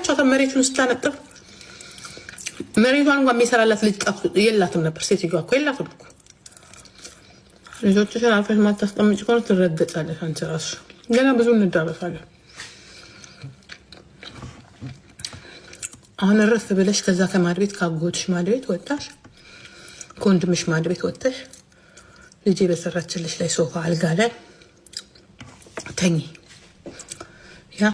ያቻታ መሬቱን ስታነጥፍ መሬቷን እንኳ የሚሰራላት ልጅ የላትም ነበር። ሴትዮዋ እኮ የላትም እኮ። ልጆችሽን አርፈሽ ማታስቀምጭ ከሆነ ትረገጫለሽ። አንቺ እራስሽ ገና ብዙ እንዳረሳለን። አሁን እረፍ ብለሽ ከዛ ከማድ ቤት ካጎድሽ ማድ ቤት ወጣሽ፣ ከወንድምሽ ማድ ቤት ወጥተሽ ልጄ በሰራችልሽ ላይ ሶፋ አልጋ ላይ ተኚ።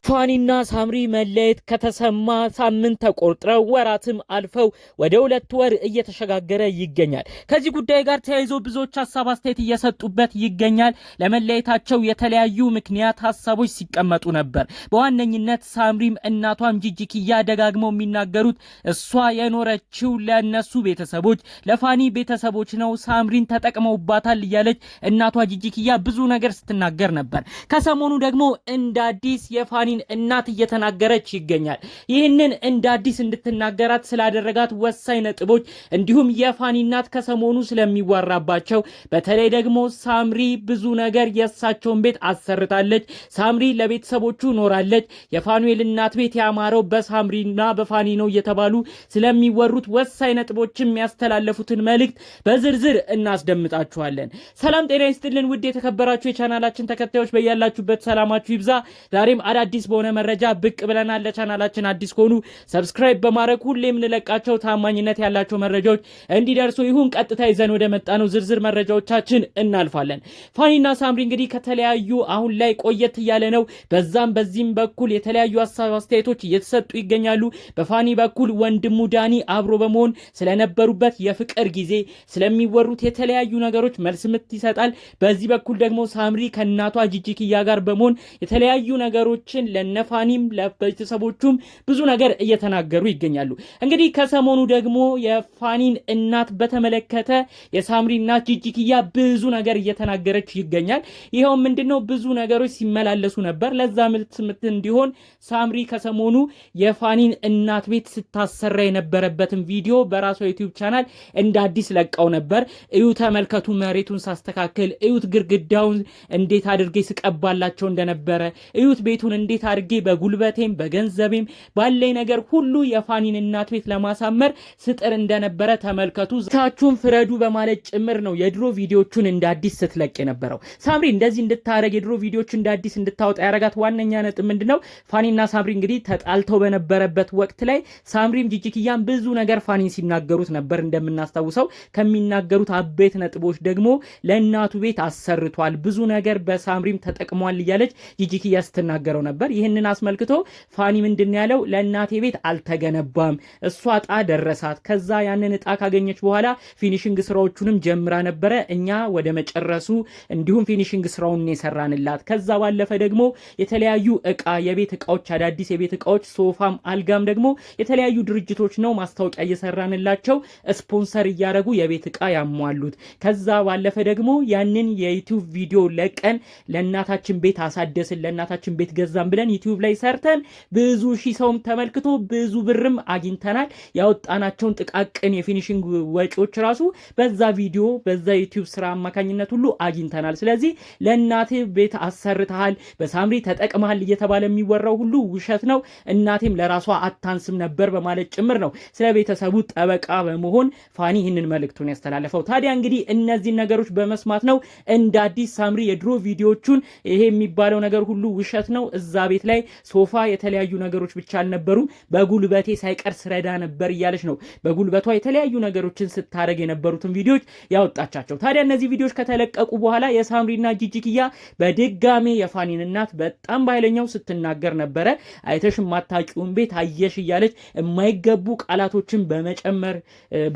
ፋኒና ሳምሪ መለየት ከተሰማ ሳምንት ተቆርጥረው ወራትም አልፈው ወደ ሁለት ወር እየተሸጋገረ ይገኛል። ከዚህ ጉዳይ ጋር ተያይዞ ብዙዎች ሀሳብ አስተያየት እየሰጡበት ይገኛል። ለመለየታቸው የተለያዩ ምክንያት ሀሳቦች ሲቀመጡ ነበር። በዋነኝነት ሳምሪም እናቷም ጂጂኪያ ደጋግመው የሚናገሩት እሷ የኖረችው ለእነሱ ቤተሰቦች ለፋኒ ቤተሰቦች ነው፣ ሳምሪን ተጠቅመውባታል እያለች እናቷ ጂጂኪያ ብዙ ነገር ስትናገር ነበር። ከሰሞኑ ደግሞ እንደ አዲስ የፋ የፋኒን እናት እየተናገረች ይገኛል። ይህንን እንደ አዲስ እንድትናገራት ስላደረጋት ወሳኝ ነጥቦች እንዲሁም የፋኒ እናት ከሰሞኑ ስለሚወራባቸው በተለይ ደግሞ ሳምሪ ብዙ ነገር የእሳቸውን ቤት አሰርታለች፣ ሳምሪ ለቤተሰቦቹ ኖራለች፣ የፋኑኤል እናት ቤት ያማረው በሳምሪና በፋኒ ነው እየተባሉ ስለሚወሩት ወሳኝ ነጥቦችም ያስተላለፉትን መልእክት በዝርዝር እናስደምጣችኋለን። ሰላም ጤና ይስጥልን ውድ የተከበራችሁ የቻናላችን ተከታዮች በያላችሁበት ሰላማችሁ ይብዛ። ዛሬም አዳ አዲስ በሆነ መረጃ ብቅ ብለናል። ለቻናላችን አዲስ ከሆኑ ሰብስክራይብ በማድረግ ሁሌ የምንለቃቸው ታማኝነት ያላቸው መረጃዎች እንዲደርሱ ይሁን። ቀጥታ ይዘን ወደ ነው ዝርዝር መረጃዎቻችን እናልፋለን። ፋኒና ሳምሪ እንግዲህ ከተለያዩ አሁን ላይ ቆየት እያለ ነው። በዛም በዚህም በኩል የተለያዩ ሀሳብ አስተያየቶች እየተሰጡ ይገኛሉ። በፋኒ በኩል ወንድሙ ዳኒ አብሮ በመሆን ስለነበሩበት የፍቅር ጊዜ ስለሚወሩት የተለያዩ ነገሮች መልስ ምት ይሰጣል። በዚህ በኩል ደግሞ ሳምሪ ከእናቷ ጂጂክያ ጋር በመሆን የተለያዩ ነገሮች ነገሮችን ለነፋኒም ለቤተሰቦቹም ብዙ ነገር እየተናገሩ ይገኛሉ። እንግዲህ ከሰሞኑ ደግሞ የፋኒን እናት በተመለከተ የሳምሪ እናት ጂጂኪያ ብዙ ነገር እየተናገረች ይገኛል። ይኸውም ምንድነው ብዙ ነገሮች ሲመላለሱ ነበር። ለዛ ምልት እንዲሆን ሳምሪ ከሰሞኑ የፋኒን እናት ቤት ስታሰራ የነበረበትን ቪዲዮ በራሷ ዩቲዩብ ቻናል እንደ አዲስ ለቀው ነበር። እዩ ተመልከቱ፣ መሬቱን ሳስተካክል፣ እዩት ግድግዳውን እንዴት አድርጌ ስቀባላቸው እንደነበረ፣ እዩት ቤቱን እንዴት አድርጌ በጉልበቴም በገንዘቤም ባለኝ ነገር ሁሉ የፋኒን እናት ቤት ለማሳመር ስጥር እንደነበረ ተመልከቱ። ታችሁን ፍረዱ በማለት ጭምር ነው የድሮ ቪዲዮቹን እንደ አዲስ ስትለቅ የነበረው። ሳምሪ እንደዚህ እንድታረግ የድሮ ቪዲዮቹ እንደ አዲስ እንድታወጣ ያረጋት ዋነኛ ነጥብ ምንድን ነው? ፋኒና ሳምሪ እንግዲህ ተጣልተው በነበረበት ወቅት ላይ ሳምሪም ጂጂክያን ብዙ ነገር ፋኒን ሲናገሩት ነበር። እንደምናስታውሰው ከሚናገሩት አበይት ነጥቦች ደግሞ ለእናቱ ቤት አሰርቷል፣ ብዙ ነገር በሳምሪም ተጠቅሟል እያለች ጂጂክያ ስትናገረው ነበር። ይህንን አስመልክቶ ፋኒ ምንድን ያለው ለእናቴ ቤት አልተገነባም፣ እሷ እጣ ደረሳት። ከዛ ያንን እጣ ካገኘች በኋላ ፊኒሽንግ ስራዎቹንም ጀምራ ነበረ። እኛ ወደ መጨረሱ እንዲሁም ፊኒሽንግ ስራውን የሰራንላት። ከዛ ባለፈ ደግሞ የተለያዩ እቃ የቤት እቃዎች፣ አዳዲስ የቤት እቃዎች ሶፋም፣ አልጋም ደግሞ የተለያዩ ድርጅቶች ነው ማስታወቂያ እየሰራንላቸው ስፖንሰር እያደረጉ የቤት እቃ ያሟሉት። ከዛ ባለፈ ደግሞ ያንን የዩቲዩብ ቪዲዮ ለቀን ለእናታችን ቤት አሳደስን፣ ለእናታችን ቤት ገዛ አልበዛም ብለን ዩቲዩብ ላይ ሰርተን ብዙ ሺህ ሰውም ተመልክቶ ብዙ ብርም አግኝተናል። ያወጣናቸውን ጥቃቅን የፊኒሽንግ ወጪዎች ራሱ በዛ ቪዲዮ በዛ ዩቲዩብ ስራ አማካኝነት ሁሉ አግኝተናል። ስለዚህ ለእናቴ ቤት አሰርተሃል፣ በሳምሪ ተጠቅመሃል እየተባለ የሚወራው ሁሉ ውሸት ነው። እናቴም ለራሷ አታንስም ነበር በማለት ጭምር ነው ስለ ቤተሰቡ ጠበቃ በመሆን ፋኒ ይህንን መልእክቱን ያስተላለፈው። ታዲያ እንግዲህ እነዚህን ነገሮች በመስማት ነው እንደ አዲስ ሳምሪ የድሮ ቪዲዮቹን ይሄ የሚባለው ነገር ሁሉ ውሸት ነው እዛ ቤት ላይ ሶፋ፣ የተለያዩ ነገሮች ብቻ አልነበሩም፣ በጉልበቴ ሳይቀር ስረዳ ነበር እያለች ነው። በጉልበቷ የተለያዩ ነገሮችን ስታደረግ የነበሩትን ቪዲዮዎች ያወጣቻቸው። ታዲያ እነዚህ ቪዲዮዎች ከተለቀቁ በኋላ የሳምሪና ጂጂክያ በድጋሜ የፋኒን እናት በጣም በኃይለኛው ስትናገር ነበረ። አይተሽ የማታውቂውን ቤት አየሽ እያለች የማይገቡ ቃላቶችን በመጨመር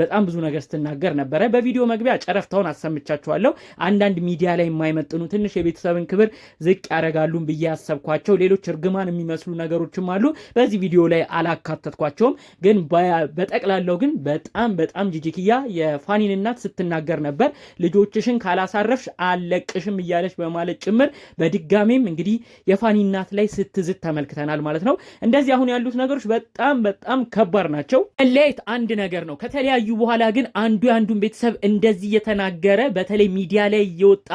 በጣም ብዙ ነገር ስትናገር ነበረ። በቪዲዮ መግቢያ ጨረፍታውን አሰምቻችኋለሁ። አንዳንድ ሚዲያ ላይ የማይመጥኑ ትንሽ የቤተሰብን ክብር ዝቅ ያደርጋሉን ብዬ ያሰብኳቸው ሌሎች እርግማን የሚመስሉ ነገሮችም አሉ። በዚህ ቪዲዮ ላይ አላካተትኳቸውም። ግን በጠቅላላው ግን በጣም በጣም ጂጂኪያ የፋኒን እናት ስትናገር ነበር። ልጆችሽን ካላሳረፍሽ አለቅሽም እያለች በማለት ጭምር በድጋሜም እንግዲህ የፋኒ እናት ላይ ስትዝት ተመልክተናል ማለት ነው። እንደዚህ አሁን ያሉት ነገሮች በጣም በጣም ከባድ ናቸው። መለያየት አንድ ነገር ነው። ከተለያዩ በኋላ ግን አንዱ የአንዱን ቤተሰብ እንደዚህ እየተናገረ በተለይ ሚዲያ ላይ እየወጣ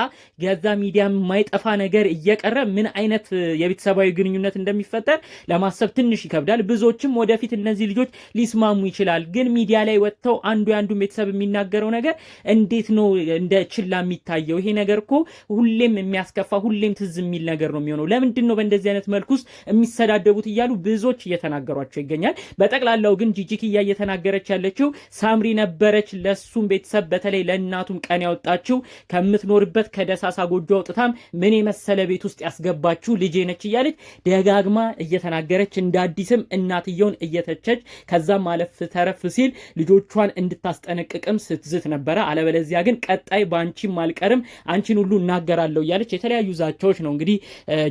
ገዛ ሚዲያ የማይጠፋ ነገር እየቀረ ምን አይነት የቤተሰብ ቤተሰባዊ ግንኙነት እንደሚፈጠር ለማሰብ ትንሽ ይከብዳል። ብዙዎችም ወደፊት እነዚህ ልጆች ሊስማሙ ይችላል። ግን ሚዲያ ላይ ወጥተው አንዱ የአንዱን ቤተሰብ የሚናገረው ነገር እንዴት ነው እንደ ችላ የሚታየው? ይሄ ነገር እኮ ሁሌም የሚያስከፋ ሁሌም ትዝ የሚል ነገር ነው የሚሆነው። ለምንድን ነው በእንደዚህ አይነት መልኩ ውስጥ የሚሰዳደቡት? እያሉ ብዙዎች እየተናገሯቸው ይገኛል። በጠቅላላው ግን ጂጂኪያ እየተናገረች ያለችው ሳምሪ ነበረች። ለሱም ቤተሰብ በተለይ ለእናቱም ቀን ያወጣችው ከምትኖርበት ከደሳሳ ጎጆ አውጥታም ምን የመሰለ ቤት ውስጥ ያስገባችው ልጄ ነች እያለ እያለች ደጋግማ እየተናገረች እንደ አዲስም እናትየውን እየተቸች ከዛም ማለፍ ተረፍ ሲል ልጆቿን እንድታስጠነቅቅም ስትዝት ነበረ። አለበለዚያ ግን ቀጣይ በአንቺም አልቀርም አንቺን ሁሉ እናገራለሁ እያለች የተለያዩ ዛቻዎች ነው እንግዲህ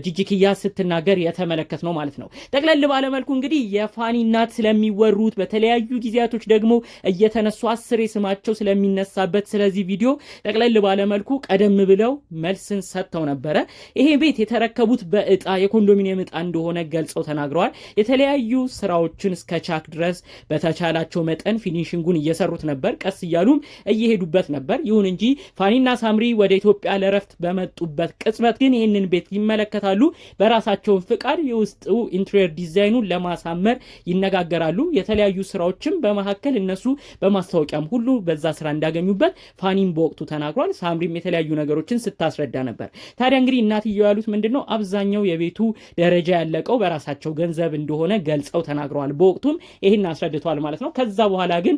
ጂጂኪያ ስትናገር የተመለከት ነው ማለት ነው። ጠቅለል ባለመልኩ እንግዲህ የፋኒ እናት ስለሚወሩት በተለያዩ ጊዜያቶች ደግሞ እየተነሱ አስሬ ስማቸው ስለሚነሳበት ስለዚህ ቪዲዮ ጠቅለል ባለመልኩ ቀደም ብለው መልስን ሰጥተው ነበረ። ይሄ ቤት የተረከቡት በእጣ የኮንዶሚኒየም እጣ እንደሆነ ገልጸው ተናግረዋል። የተለያዩ ስራዎችን እስከ ቻክ ድረስ በተቻላቸው መጠን ፊኒሽንጉን እየሰሩት ነበር። ቀስ እያሉም እየሄዱበት ነበር። ይሁን እንጂ ፋኒና ሳምሪ ወደ ኢትዮጵያ ለረፍት በመጡበት ቅጽበት ግን ይህንን ቤት ይመለከታሉ። በራሳቸውን ፍቃድ የውስጡ ኢንቴሪየር ዲዛይኑን ለማሳመር ይነጋገራሉ። የተለያዩ ስራዎችም በመካከል እነሱ በማስታወቂያም ሁሉ በዛ ስራ እንዳገኙበት ፋኒም በወቅቱ ተናግሯል። ሳምሪም የተለያዩ ነገሮችን ስታስረዳ ነበር። ታዲያ እንግዲህ እናትየው ያሉት ምንድን ነው አብዛኛው የቤቱ ደረጃ ያለቀው በራሳቸው ገንዘብ እንደሆነ ገልጸው ተናግረዋል። በወቅቱም ይህን አስረድተዋል ማለት ነው። ከዛ በኋላ ግን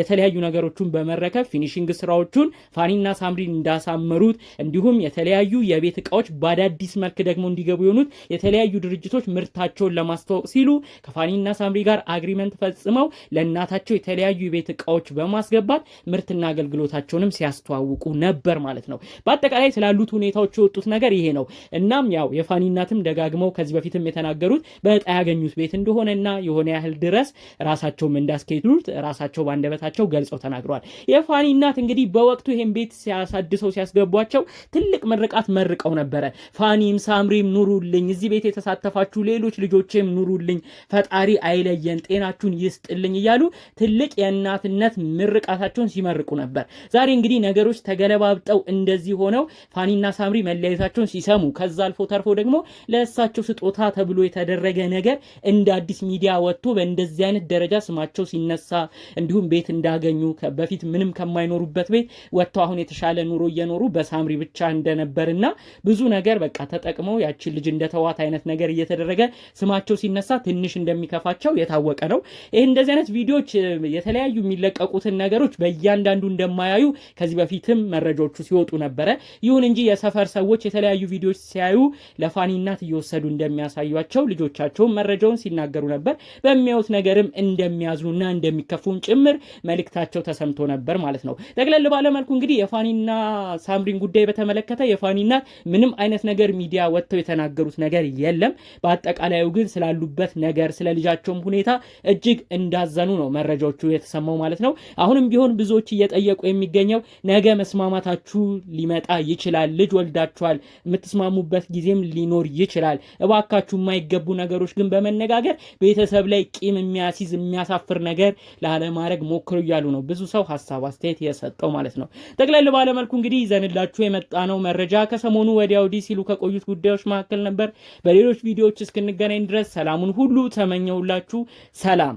የተለያዩ ነገሮችን በመረከብ ፊኒሽንግ ስራዎቹን ፋኒና ሳምሪን እንዳሳመሩት እንዲሁም የተለያዩ የቤት እቃዎች በአዳዲስ መልክ ደግሞ እንዲገቡ የሆኑት የተለያዩ ድርጅቶች ምርታቸውን ለማስተዋወቅ ሲሉ ከፋኒና ሳምሪ ጋር አግሪመንት ፈጽመው ለእናታቸው የተለያዩ የቤት እቃዎች በማስገባት ምርትና አገልግሎታቸውንም ሲያስተዋውቁ ነበር ማለት ነው። በአጠቃላይ ስላሉት ሁኔታዎች የወጡት ነገር ይሄ ነው። እናም ያው የፋኒ እናትም ደጋ ደጋግመው ከዚህ በፊትም የተናገሩት በጣ ያገኙት ቤት እንደሆነና የሆነ ያህል ድረስ ራሳቸውም እንዳስኬዱት ራሳቸው በአንደበታቸው ገልጸው ተናግረዋል። የፋኒ እናት እንግዲህ በወቅቱ ይህን ቤት ሲያሳድሰው ሲያስገቧቸው ትልቅ ምርቃት መርቀው ነበረ። ፋኒም ሳምሪም ኑሩልኝ፣ እዚህ ቤት የተሳተፋችሁ ሌሎች ልጆችም ኑሩልኝ፣ ፈጣሪ አይለየን፣ ጤናችሁን ይስጥልኝ እያሉ ትልቅ የእናትነት ምርቃታቸውን ሲመርቁ ነበር። ዛሬ እንግዲህ ነገሮች ተገለባብጠው እንደዚህ ሆነው ፋኒና ሳምሪ መለያየታቸውን ሲሰሙ ከዛ አልፎ ተርፎ ደግሞ ለ ለእሳቸው ስጦታ ተብሎ የተደረገ ነገር እንደ አዲስ ሚዲያ ወጥቶ በእንደዚህ አይነት ደረጃ ስማቸው ሲነሳ እንዲሁም ቤት እንዳገኙ በፊት ምንም ከማይኖሩበት ቤት ወጥተው አሁን የተሻለ ኑሮ እየኖሩ በሳምሪ ብቻ እንደነበርና ብዙ ነገር በቃ ተጠቅመው ያችን ልጅ እንደተዋት አይነት ነገር እየተደረገ ስማቸው ሲነሳ ትንሽ እንደሚከፋቸው የታወቀ ነው። ይህ እንደዚህ አይነት ቪዲዮዎች የተለያዩ የሚለቀቁትን ነገሮች በእያንዳንዱ እንደማያዩ ከዚህ በፊትም መረጃዎቹ ሲወጡ ነበረ። ይሁን እንጂ የሰፈር ሰዎች የተለያዩ ቪዲዮዎች ሲያዩ ለፋኒ እናት እየወ እንደወሰዱ እንደሚያሳዩቸው ልጆቻቸውን መረጃውን ሲናገሩ ነበር። በሚያዩት ነገርም እንደሚያዝኑና እንደሚከፉን ጭምር መልእክታቸው ተሰምቶ ነበር ማለት ነው። ጠቅለል ባለመልኩ እንግዲህ የፋኒና ሳምሪን ጉዳይ በተመለከተ የፋኒና ምንም አይነት ነገር ሚዲያ ወጥተው የተናገሩት ነገር የለም። በአጠቃላዩ ግን ስላሉበት ነገር ስለ ልጃቸውም ሁኔታ እጅግ እንዳዘኑ ነው መረጃዎቹ የተሰማው ማለት ነው። አሁንም ቢሆን ብዙዎች እየጠየቁ የሚገኘው ነገ መስማማታችሁ ሊመጣ ይችላል። ልጅ ወልዳችኋል፣ የምትስማሙበት ጊዜም ሊኖር ይችላል ይችላል። እባካችሁ የማይገቡ ነገሮች ግን በመነጋገር ቤተሰብ ላይ ቂም የሚያስይዝ የሚያሳፍር ነገር ላለማድረግ ሞክሩ እያሉ ነው ብዙ ሰው ሀሳብ አስተያየት የሰጠው ማለት ነው። ጠቅለል ባለመልኩ እንግዲህ ይዘንላችሁ የመጣ ነው መረጃ ከሰሞኑ ወዲያ ወዲህ ሲሉ ከቆዩት ጉዳዮች መካከል ነበር። በሌሎች ቪዲዮዎች እስክንገናኝ ድረስ ሰላሙን ሁሉ ተመኘውላችሁ። ሰላም